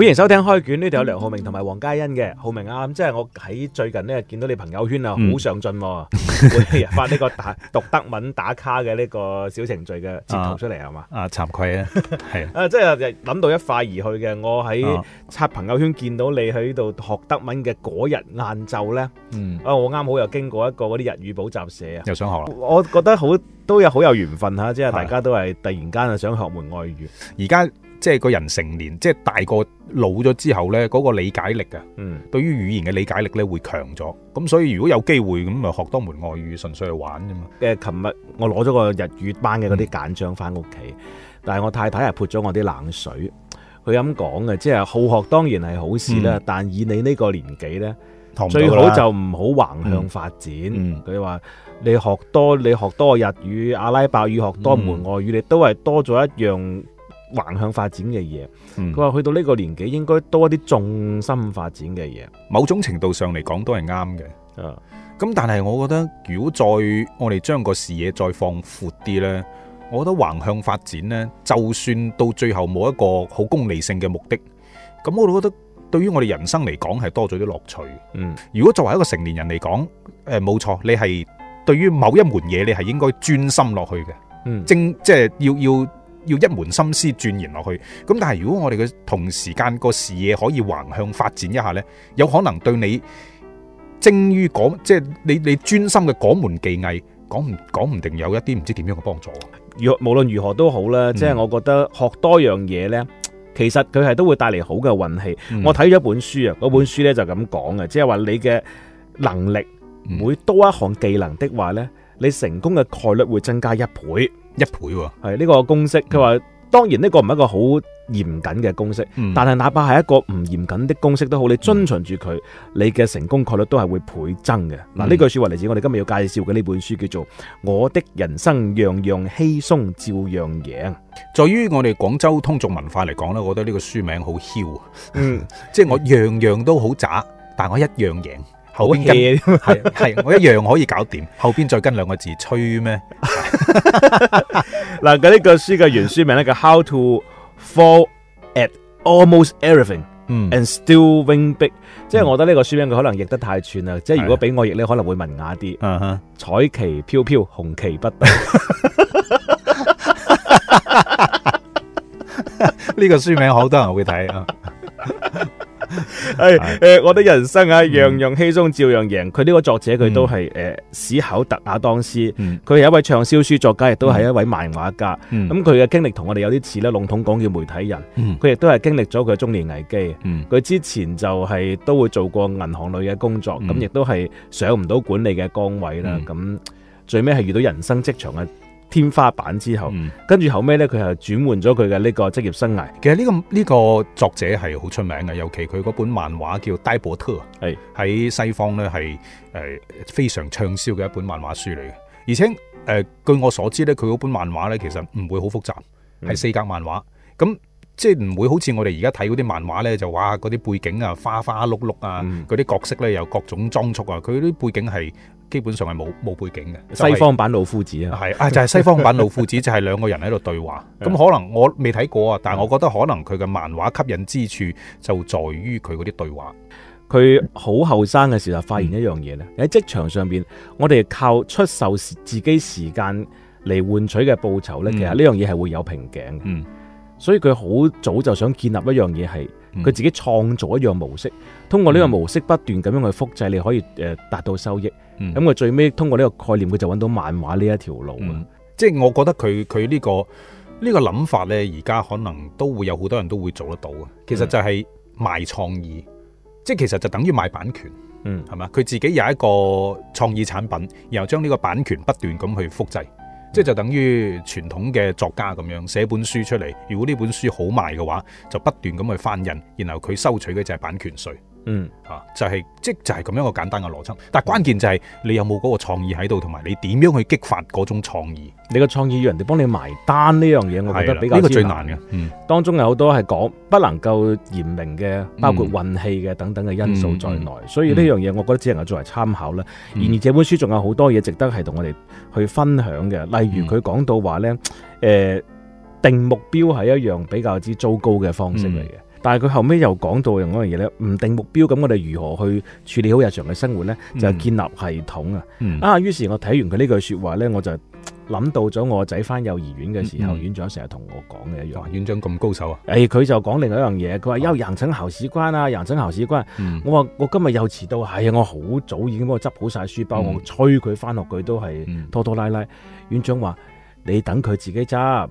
歡迎收聽開卷，呢度有梁浩明同埋黃嘉欣嘅。浩明啱、啊，即係我喺最近呢見到你朋友圈、嗯、進啊好上進， 每日發呢個打讀德文打卡嘅呢個小程序嘅截圖出嚟係嘛啊慚、啊、愧啊係啊，即係諗到一塊而去嘅，我喺刷朋友圈見到你喺度學德文嘅嗰日晏晝呢。嗯、啊我啱好又經過一個嗰啲日語補習社啊，又想學我，我覺得好都有好有緣分吓、啊，即係大家都係突然間啊想學門外語，而家。即係個人成年，即係大個老咗之後呢，嗰、那個理解力啊，對於語言嘅理解力呢會強咗。咁、嗯、所以如果有機會咁咪學多門外語純粹係玩啫嘛。誒，琴日我攞咗個日語班嘅嗰啲簡章翻屋企，但係我太太係潑咗我啲冷水。佢咁講嘅，即係好學當然係好事啦、嗯，但以你呢個年紀呢，最好就唔好橫向發展。佢、嗯、話、嗯、你學多你學多日語、阿拉伯語，學多門外語，嗯、你都係多咗一樣，橫向發展嘅嘢，佢、嗯、話去到呢個年紀應該多一啲重心發展嘅嘢。某種程度上嚟講都係啱嘅。啊，咁但係我覺得如果再我哋將個視野再放闊啲呢，我覺得橫向發展呢，就算到最後冇一個好功利性嘅目的，咁我都覺得對於我哋人生嚟講係多咗啲樂趣。嗯，如果作為一個成年人嚟講，誒，冇錯，你係對於某一門嘢你係應該專心落去嘅。嗯，正即係要要。要要一門心思鑽研落去，咁但係如果我哋嘅同時間個視野可以橫向發展一下呢，有可能對你精於講，即、就、係、是、你你專心嘅嗰門技藝，講唔講唔定有一啲唔知點樣嘅幫助。若無論如何都好啦，嗯、即係我覺得學多樣嘢呢，其實佢係都會帶嚟好嘅運氣。嗯、我睇咗一本書啊，嗰本書呢就咁講啊，即係話你嘅能力每多一項技能的話呢，嗯、你成功嘅概率會增加一倍。一倍喎、啊，係呢、這個公式。佢話當然呢個唔係一個好嚴謹嘅公式，嗯、但係哪怕係一個唔嚴謹的公式都好，你遵循住佢、嗯，你嘅成功概率，率都係會倍增嘅。嗱、嗯，呢句說話嚟自我哋今日要介紹嘅呢本書，叫做《我的人生樣樣稀鬆照樣贏》。在於我哋廣州通俗文化嚟講呢，我覺得呢個書名好囂啊，嗯，即 係我樣樣都好渣，但我一樣贏。好係係，我一樣可以搞掂。 後邊再跟兩個字，吹咩？嗱，咁呢個書嘅原書名咧，叫《How to Fail at Almost Everything、嗯、and Still Win Big、嗯》。即係我覺得呢個書名佢可能譯得太串啦、嗯。即係如果俾我譯咧，可能會文雅啲、啊。彩旗飄飄，紅旗不倒。呢 個書名好多人會睇啊！ 係 誒、哎呃，我的人生啊，嗯、樣樣稀鬆照樣贏。佢呢個作者佢都係誒、嗯呃、史考特亞當斯，佢、嗯、係一位暢銷書作家，亦都係一位漫畫家。咁佢嘅經歷同我哋有啲似咧，籠統講叫媒體人。佢亦都係經歷咗佢中年危機。佢、嗯、之前就係都會做過銀行類嘅工作，咁亦都係上唔到管理嘅崗位啦。咁、嗯、最尾係遇到人生職場嘅天花板之後，跟、嗯、住後尾呢，佢係轉換咗佢嘅呢個職業生涯。其實呢、這個呢、這個、作者係好出名嘅，尤其佢嗰本漫畫叫《呆伯特》啊，喺西方呢係、呃、非常暢銷嘅一本漫畫書嚟嘅。而且誒、呃，據我所知呢，佢嗰本漫畫呢其實唔會好複雜，係、嗯、四格漫畫，咁即係唔會好似我哋而家睇嗰啲漫畫呢，就哇嗰啲背景啊、花花碌碌啊，嗰、嗯、啲角色呢，有各種裝束啊，佢啲背景係。基本上係冇冇背景嘅、就是、西方版老夫子啊，係啊就係、是、西方版老夫子就係、是、兩個人喺度對話，咁 可能我未睇過啊，但係我覺得可能佢嘅漫畫吸引之處就在於佢嗰啲對話。佢好後生嘅時候發現一樣嘢咧，喺、嗯、職場上邊，我哋靠出售自己時間嚟換取嘅報酬咧、嗯，其實呢樣嘢係會有瓶頸。嗯，所以佢好早就想建立一樣嘢係。佢、嗯、自己創造一樣模式，通過呢個模式不斷咁樣去複製、嗯，你可以誒達到收益。咁、嗯、佢最尾通過呢個概念，佢就揾到漫畫呢一條路、嗯、即係我覺得佢佢呢個呢、呢個諗法呢，而家可能都會有好多人都會做得到嘅。其實就係賣創意，嗯、即係其實就等於賣版權，嗯係嘛？佢自己有一個創意產品，然後將呢個版權不斷咁去複製。即係就等於傳統嘅作家咁樣寫本書出嚟，如果呢本書好賣嘅話，就不斷咁去翻印，然後佢收取嘅就係版權稅。嗯吓，就係、是、即就係、是、咁樣一個簡單嘅邏輯，但係關鍵就係你有冇嗰個創意喺度，同埋你點樣去激發嗰種創意。你個創意要人哋幫你埋單呢樣嘢，我覺得比較呢、這個最難嘅、嗯。當中有好多係講不能夠言明嘅，包括運氣嘅等等嘅因素在內、嗯嗯嗯，所以呢樣嘢我覺得只能夠作爲參考啦。然、嗯、而這本書仲有好多嘢值得係同我哋去分享嘅，例如佢講到話呢，誒、嗯呃、定目標係一樣比較之糟糕嘅方式嚟嘅。嗯但係佢後尾又講到另外一樣嘢咧，唔定目標咁，我哋如何去處理好日常嘅生活咧？就係建立系統啊、嗯！啊，於是我睇完佢呢句說話咧，我就諗到咗我仔翻幼兒園嘅時候，院長成日同我講嘅一樣。院長咁高手啊！誒、哎，佢就講另外一樣嘢，佢話，又人請校史關啊，人請校史關我話、嗯：我，我今日又遲到，係、哎、啊，我好早已經幫我執好晒書包，嗯、我催佢翻學，佢都係拖拖拉拉。嗯、院長話：你等佢自己執。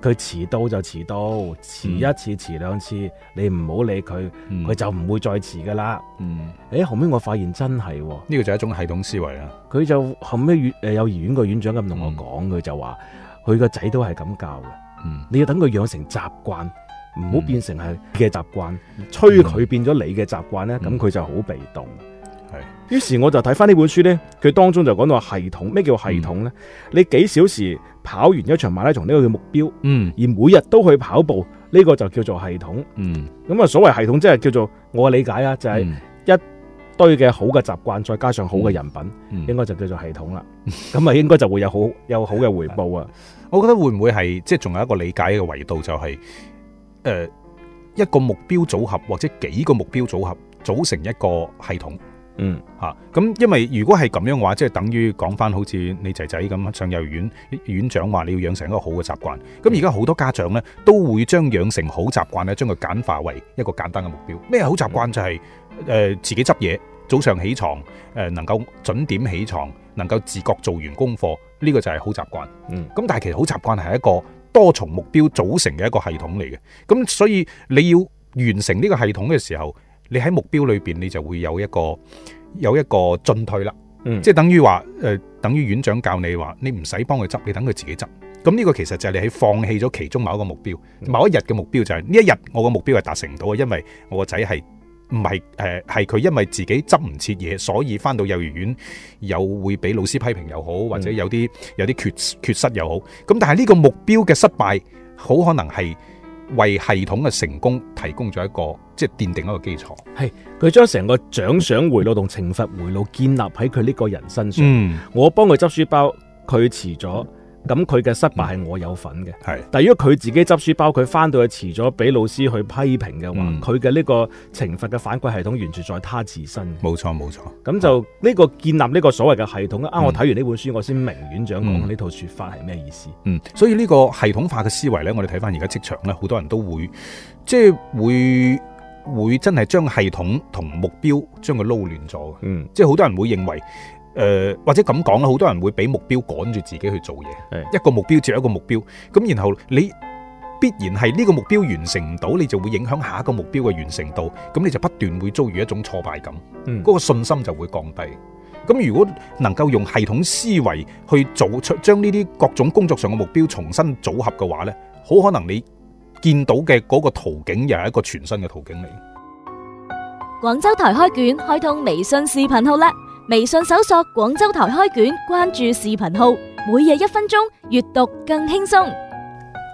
佢、嗯、遲到就遲到，遲一次遲兩、嗯、次，你唔好理佢，佢、嗯、就唔會再遲噶啦。誒、嗯欸，後尾我發現真係，呢個就係一種系統思維啦，佢就後尾有誒幼兒園個院長咁同我講，佢、嗯、就話佢個仔都係咁教嘅。嗯，你要等佢養成習慣，唔、嗯、好變成係嘅習慣，催佢變咗你嘅習慣呢，咁、嗯、佢就好被動。於是我就睇翻呢本書呢，佢當中就講到系統。咩叫系統呢？嗯、你幾小時跑完一場馬拉松呢個叫目標，嗯，而每日都去跑步呢、呢個就叫做系統，嗯，咁啊，所謂系統即係叫做我理解啊，就係一堆嘅好嘅習慣，再加上好嘅人品，嗯、應該就叫做系統啦。咁啊，應該就會有好有好嘅回報啊。 我覺得會唔會係即係仲有一個理解嘅維度、就是，就係誒一個目標組合或者幾個目標組合組成一個系統。嗯吓，咁、啊、因為如果係咁樣嘅話，即係等於講返好似你仔仔咁上幼兒園，園長話你要養成一個好嘅習慣。咁而家好多家長咧都會將養成好習慣咧，將佢簡化為一個簡單嘅目標。咩好習慣、嗯、就係、是、誒、呃、自己執嘢，早上起床誒、呃、能夠準點起床，能夠自覺做完功課，呢、這個就係好習慣。嗯，咁但係其實好習慣係一個多重目標組成嘅一個系統嚟嘅。咁所以你要完成呢個系統嘅時候。你喺目標裏邊你就會有一個有一個進退啦、嗯，即係等於話誒、呃，等於園長教你話，你唔使幫佢執，你等佢自己執。咁呢個其實就係你喺放棄咗其中某一個目標，某一日嘅目標就係、是、呢、嗯、一日我個目標係達成唔到啊，因為我個仔係唔係誒係佢因為自己執唔切嘢，所以返到幼兒園又會俾老師批評又好，或者有啲有啲缺缺失又好。咁但係呢個目標嘅失敗，好可能係。為系統嘅成功提供咗一個，即係奠定一個基礎。係佢將成個獎賞回路同懲罰回路建立喺佢呢個人身上。嗯，我幫佢執書包，佢遲咗。咁佢嘅失敗係我有份嘅，係、嗯。但如果佢自己執書包，佢翻到去遲咗，俾老師去批評嘅話，佢嘅呢個懲罰嘅反饋系統完全在他自身。冇錯，冇錯。咁就呢個建立呢個所謂嘅系統、嗯、啊，我睇完呢本書，我先明院長講呢、嗯、套説法係咩意思。嗯。所以呢個系統化嘅思維呢，我哋睇翻而家職場呢，好多人都會即係會會真係將系統同目標將佢撈亂咗，嗯。即係好多人會認為。誒，或者咁講啦，好多人會俾目標趕住自己去做嘢，一個目標接一個目標，咁然後你必然係呢個目標完成唔到，你就會影響下一個目標嘅完成度，咁你就不斷會遭遇一種挫敗感，嗰個信心就會降低。咁如果能夠用系統思維去做出將呢啲各種工作上嘅目標重新組合嘅話呢，好可能你見到嘅嗰個途徑又係一個全新嘅途徑嚟。廣州台開卷開通微信視頻號啦！微信搜索廣州台開卷，關注視頻號，每日一分鐘閱讀更輕鬆。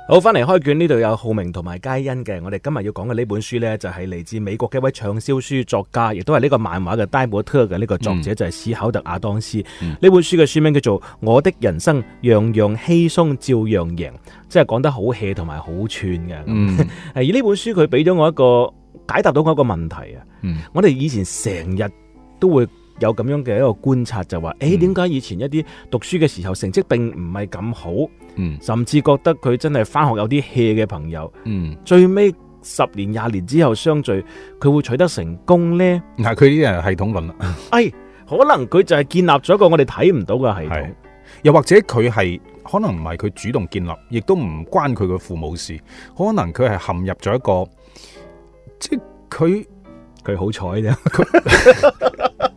好，翻嚟開卷呢度有浩明同埋佳欣嘅，我哋今日要講嘅呢本書呢，就係、是、嚟自美國嘅一位暢銷書作家，亦都係呢個漫畫嘅 Dilbert 嘅呢個作者就係史考特亞當斯。呢、嗯、本書嘅書名叫做《我的人生樣樣稀鬆照樣贏》，即係講得好 hea 同埋好串嘅、嗯。而呢本書佢俾咗我一個解答到我一個問題啊、嗯。我哋以前成日都會。有咁樣嘅一個觀察就話，誒、欸，點解以前一啲讀書嘅時候成績並唔係咁好，嗯，甚至覺得佢真係返學有啲怯嘅朋友，嗯，最尾十年廿年之後相聚，佢會取得成功呢？嗱，佢啲誒系統論啦，哎，可能佢就係建立咗一個我哋睇唔到嘅系統，又或者佢係可能唔係佢主動建立，亦都唔關佢嘅父母事，可能佢係陷入咗一個，即係佢佢好彩啫。他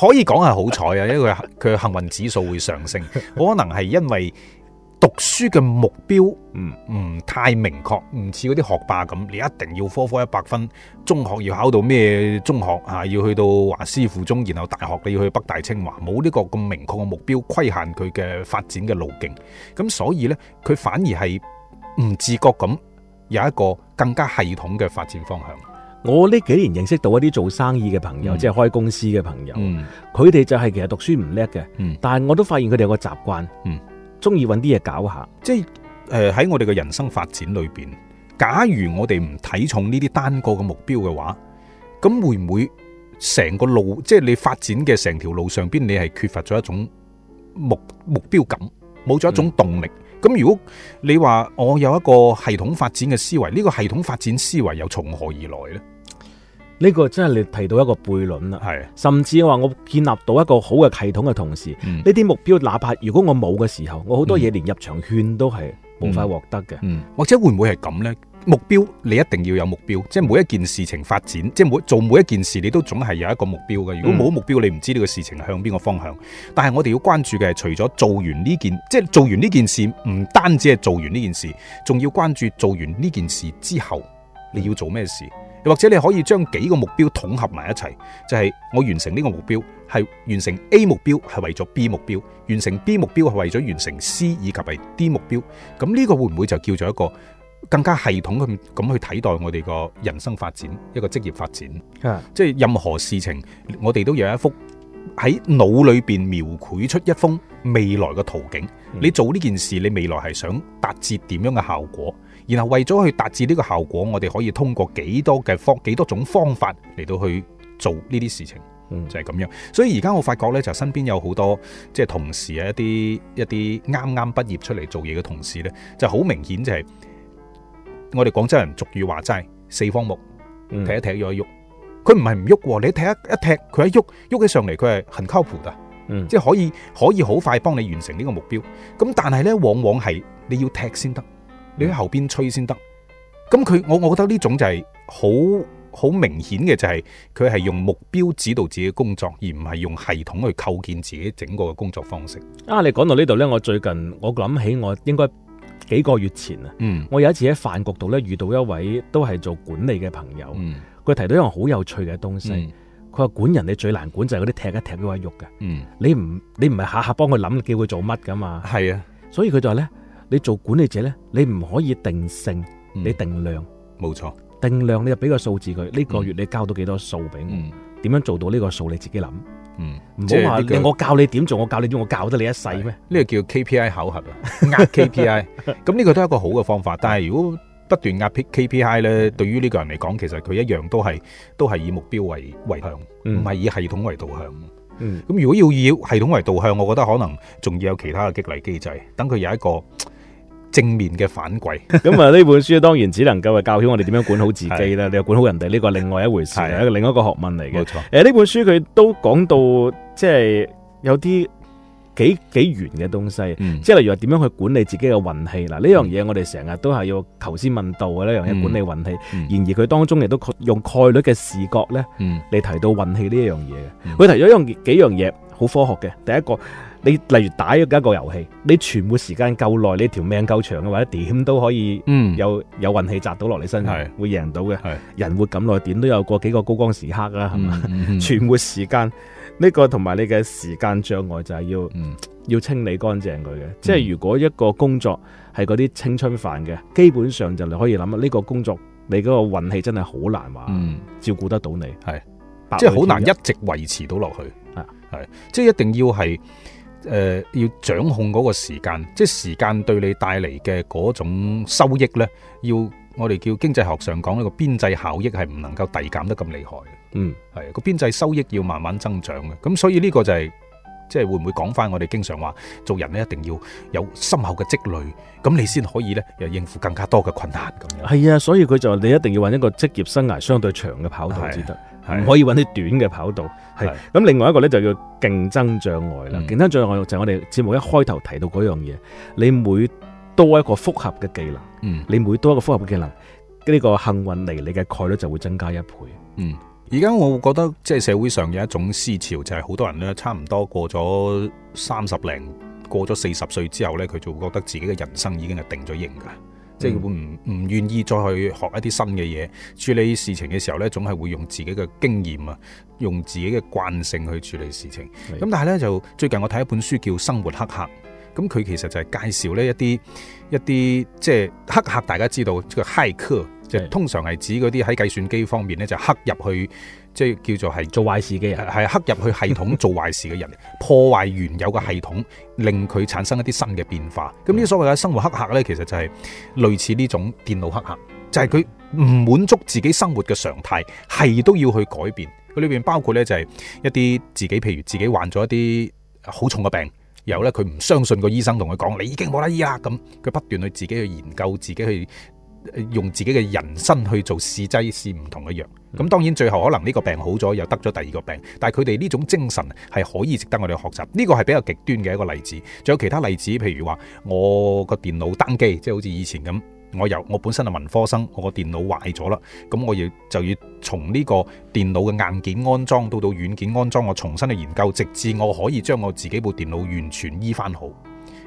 可以講係好彩啊，因為佢嘅幸運指數會上升。可能係因為讀書嘅目標，嗯，唔太明確，唔似嗰啲學霸咁，你一定要科科一百分，中學要考到咩中學吓，要去到華師附中，然後大學你要去北大清華，冇呢個咁明確嘅目標規限佢嘅發展嘅路徑。咁所以呢，佢反而係唔自覺咁有一個更加系統嘅發展方向。我呢幾年認識到一啲做生意嘅朋友，嗯、即係開公司嘅朋友，佢、嗯、哋就係其實讀書唔叻嘅，但係我都發現佢哋有個習慣，中意搵啲嘢搞下。即係誒喺我哋嘅人生發展裏邊，假如我哋唔睇重呢啲單個嘅目標嘅話，咁會唔會成個路，即、就、係、是、你發展嘅成條路上邊，你係缺乏咗一種目目標感，冇咗一種動力。咁、嗯、如果你話我有一個系統發展嘅思維，呢、這個系統發展思維又從何而來呢？呢、這個真係你提到一個悖論啦，甚至話我建立到一個好嘅系統嘅同時，呢、嗯、啲目標，哪怕如果我冇嘅時候，我好多嘢連入場券都係冇法獲得嘅，嗯、或者會唔會係咁呢？目標你一定要有目標，即係每一件事情發展，即係每做每一件事情，你都總係有一個目標嘅。如果冇目標，你唔知呢個事情向邊個方向。但係我哋要關注嘅除咗做完呢件，即係做完呢件事，唔單止係做完呢件事，仲要關注做完呢件事之後你要做咩事。又或者你可以將幾個目標統合埋一齊，就係、是、我完成呢個目標係完成 A 目標係為咗 B 目標，完成 B 目標係為咗完成 C 以及係 D 目標。咁呢個會唔會就叫做一個更加系統咁去睇待我哋個人生發展一個職業發展？啊，即係任何事情，我哋都有一幅喺腦裏邊描繪出一封未來嘅圖景。你做呢件事，你未來係想達至點樣嘅效果？然後為咗去達至呢個效果，我哋可以通過幾多嘅方幾多種方法嚟到去做呢啲事情，就係、是、咁樣、嗯。所以而家我發覺呢，就身邊有好多即係、就是、同事啊，一啲一啲啱啱畢業出嚟做嘢嘅同事呢，就好明顯就係、是、我哋廣州人俗語話齋四方木、嗯、踢，踢，踢一踢，喐一喐。佢唔係唔喐，你踢一一踢，佢一喐喐起上嚟，佢係很靠譜㗎，即係可以可以好快幫你完成呢個目標。咁但係呢，往往係你要踢先得。你喺後邊吹先得，咁、嗯、佢我我覺得呢種就係好好明顯嘅，就係佢係用目標指導自己嘅工作，而唔係用系統去構建自己整個嘅工作方式。啊，你講到呢度呢，我最近我諗起我應該幾個月前啊、嗯，我有一次喺飯局度呢，遇到一位都係做管理嘅朋友，佢、嗯、提到一樣好有趣嘅東西，佢、嗯、話管人你最難管就係嗰啲踢一踢喐塊肉嘅、嗯，你唔你唔係下下幫佢諗叫佢做乜噶嘛，係啊，所以佢就話呢。你做管理者呢，你唔可以定性，你定量。冇、嗯、錯，定量你就俾個數字佢，呢、呢個月你交到幾多數俾我？點、嗯嗯、樣做到呢個數你自己諗。唔好話我教你點做，我教你點，我教得你一世咩？呢、呢個叫 KPI 考核啦，壓 KPI。咁呢個都係一個好嘅方法，但係如果不斷壓 KPI 呢，對於呢個人嚟講，其實佢一樣都係都係以目標為為向，唔係以系統為導向。咁、嗯、如果要以系統為導向，我覺得可能仲要有其他嘅激勵機制，等佢有一個。正面嘅反饋，咁啊呢本書當然只能夠係教曉我哋點樣管好自己啦。你又管好人哋呢，這個另外一回事，係一個另一個學問嚟嘅。冇錯，誒呢本書佢都講到即係、就是、有啲幾幾玄嘅東西，嗯、即係例如話點樣去管理自己嘅運氣嗱。呢、嗯、樣嘢我哋成日都係要求先問道嘅呢樣嘢，管理運氣。嗯嗯然而佢當中亦都用概率嘅視角咧，嚟提到運氣呢樣嘢嘅。佢、嗯嗯、提咗呢樣幾樣嘢好科學嘅，第一個。你例如打一個遊戲，你存活時間夠耐，你條命夠長嘅話，或者點都可以，嗯，有有運氣砸到落你身上，會贏到嘅。人活咁耐，點都有過幾個高光時刻啊，係、嗯、嘛？存活時間呢、呢個同埋你嘅時間障礙就係要、嗯、要清理乾淨佢嘅、嗯。即係如果一個工作係嗰啲青春飯嘅，基本上就你可以諗下，呢、呢個工作你嗰個運氣真係好難話、嗯、照顧得到你係，即係好難一直維持到落去啊，係即係一定要係。誒、呃，要掌控嗰個時間，即係時間對你帶嚟嘅嗰種收益呢，要我哋叫經濟學上講呢個邊際效益係唔能夠遞減得咁厲害嘅。嗯，係個邊際收益要慢慢增長嘅。咁所以呢個就係、是、即係會唔會講翻我哋經常話，做人咧一定要有深厚嘅積累，咁你先可以呢又應付更加多嘅困難咁樣。係啊，所以佢就話你一定要揾一個職業生涯相對長嘅跑道先得、啊。係可以揾啲短嘅跑道，係咁。另外一個咧就叫競爭障礙啦、嗯。競爭障礙就係我哋節目一開頭提到嗰樣嘢。你每多一個複合嘅技能，嗯，你每多一個複合嘅技能，呢個幸運嚟，你嘅概率就會增加一倍。嗯，而家我覺得即係社會上有一種思潮，就係好多人咧差唔多過咗三十零，過咗四十歲之後咧，佢就會覺得自己嘅人生已經係定咗型㗎。即係會唔唔願意再去學一啲新嘅嘢，處理事情嘅時候呢，總係會用自己嘅經驗啊，用自己嘅慣性去處理事情。咁但係呢，就最近我睇一本書叫《生活黑客》，咁佢其實就係介紹呢一啲一啲即係黑客，大家知道即係駭客，即係通常係指嗰啲喺計算機方面呢，就黑入去。即係叫做係做壞事嘅人，係刻入去系統做壞事嘅人， 破壞原有嘅系統，令佢產生一啲新嘅變化。咁呢啲所謂嘅生活黑客呢，其實就係類似呢種電腦黑客，就係佢唔滿足自己生活嘅常態，係都要去改變。佢裏邊包括呢，就係一啲自己，譬如自己患咗一啲好重嘅病，然後呢佢唔相信個醫生同佢講你已經冇得醫啦，咁佢不斷去自己去研究，自己去。用自己嘅人生去做試劑試唔同嘅藥，咁當然最後可能呢個病好咗，又得咗第二個病。但係佢哋呢種精神係可以值得我哋學習。呢個係比較極端嘅一個例子。仲有其他例子，譬如話我個電腦當機，即係好似以前咁，我由我本身係文科生，我個電腦壞咗啦，咁我要就要從呢個電腦嘅硬件安裝到到軟件安裝，我重新去研究，直至我可以將我自己部電腦完全醫翻好。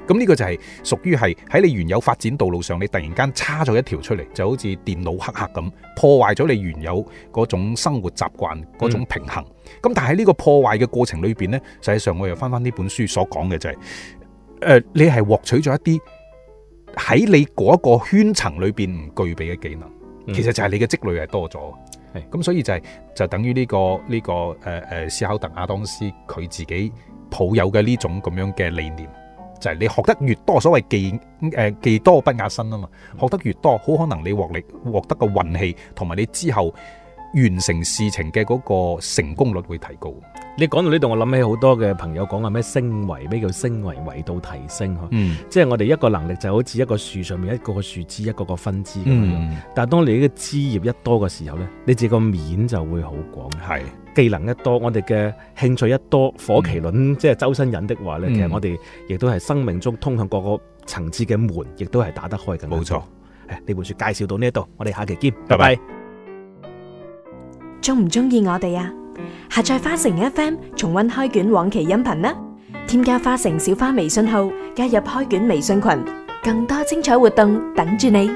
咁、這、呢個就係屬於係喺你原有發展道路上，你突然間叉咗一條出嚟，就好似電腦黑客咁破壞咗你原有嗰種生活習慣嗰種平衡。咁、嗯、但係呢個破壞嘅過程裏邊呢，實際上我又翻翻呢本書所講嘅就係、是，誒、呃，你係獲取咗一啲喺你嗰個圈層裏邊唔具備嘅技能、嗯，其實就係你嘅積累係多咗。咁、嗯、所以就係、是、就等於呢、這個呢、這個誒誒、斯、呃、考特亞當斯佢自己抱有嘅呢種咁樣嘅理念。就係、是、你學得越多，所謂技、呃、技多不壓身啊嘛！學得越多，好可能你獲力獲得個運氣，同埋你之後，完成事情嘅嗰個成功率會提高。你講到呢度，我諗起好多嘅朋友講話，咩升維，咩叫升維，維度提升，嗯，即係我哋一個能力就好似一個樹上面一個個樹枝，一個個分支咁樣。嗯、但係當你呢個枝葉一多嘅時候呢，你自個面就會好廣。係技能一多，我哋嘅興趣一多，火麒麟、嗯、即係周身引的話呢、嗯，其實我哋亦都係生命中通向各個層次嘅門，亦都係打得開嘅。冇錯，你本書介紹到呢一度，我哋下期見，拜拜。拜拜。鍾唔鍾意我哋呀？下載花城 FM 重溫開卷往期音頻啦！添加花城小花微信號，加入開卷微信群，更多精彩活動等住你。